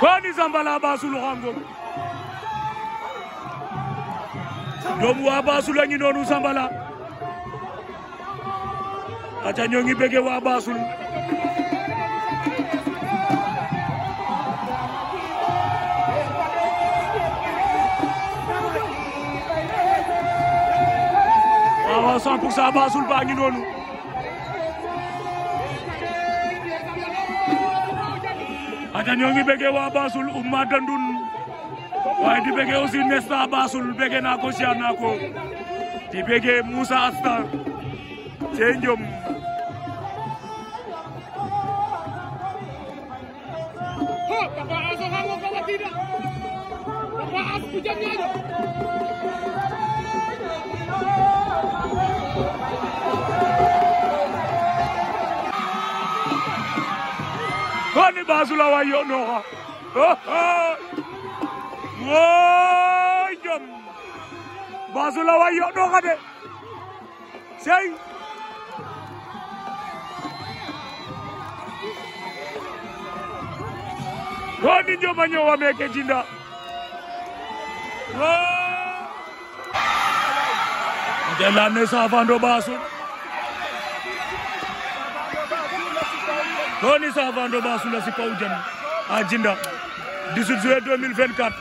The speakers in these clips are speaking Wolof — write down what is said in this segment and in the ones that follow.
kwani zambala basulu xango doomu waa basulu a ngi noonu zambala aca ñoo ngi bëgg waa basulu waaw 100 pour cent basul baa ngi noonu aca ñoo ngi bëggee waa Bassoul umma dandun waaye di bëggee aussi Nesta Bassoul bëggee naa ko siyaar naa ko di bege Moussa Astar cee njom tidak. basula wa yonoxa ah, ah. wo jom basula wa yonoxa de sey ko ni joma ñowa meke jinda de fando basum Tony Savando Basula Sika Ujani ajinda 18 juillet 2024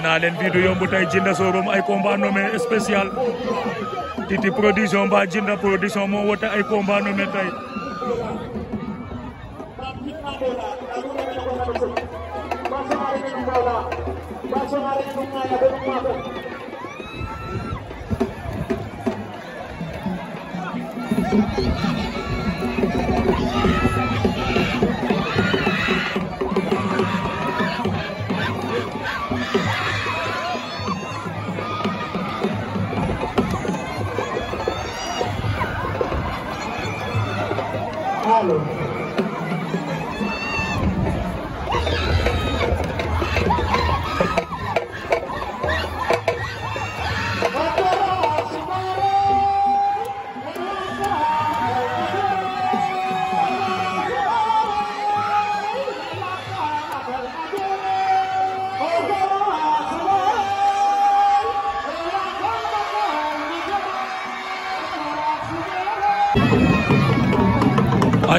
nee naa leen bii yomb tey Djinda Showroom ay combat nommé spécial Titi production ba Djinda production moo wote ay combat nommé tey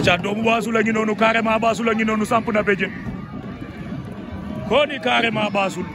aca doomu baasul a ngi noonu carrément baasul a ngi noonu samp na béjjën koo ni carrément baasul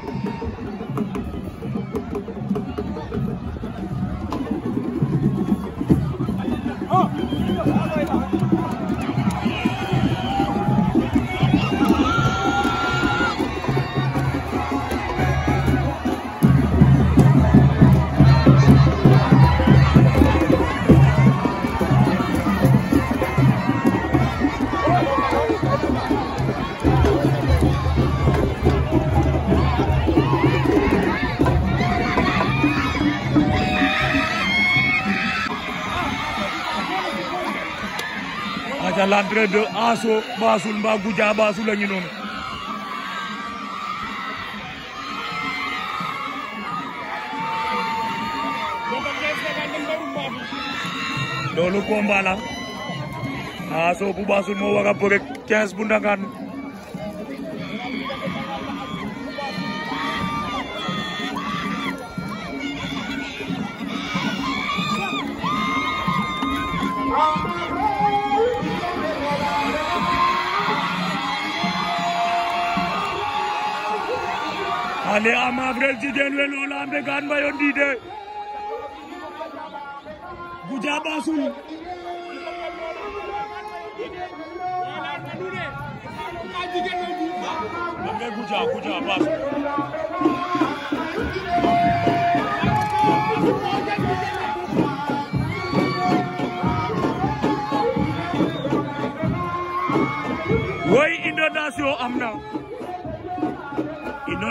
c'est à l'entrée de Asso Bassoul mbaa Goudia Bassoul la ñu noonu loolu bu moo war a bëre 15 ale amafrel jigéen we loola mbegaan mbayo ndiide guja ɓasul mbe guja guja ɓasul woy inondation am na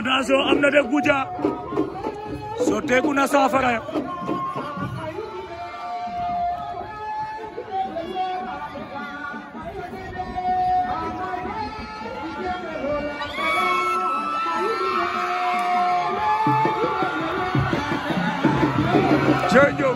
attention am na de Goudia sotteeku na saafara ya Jërëjëf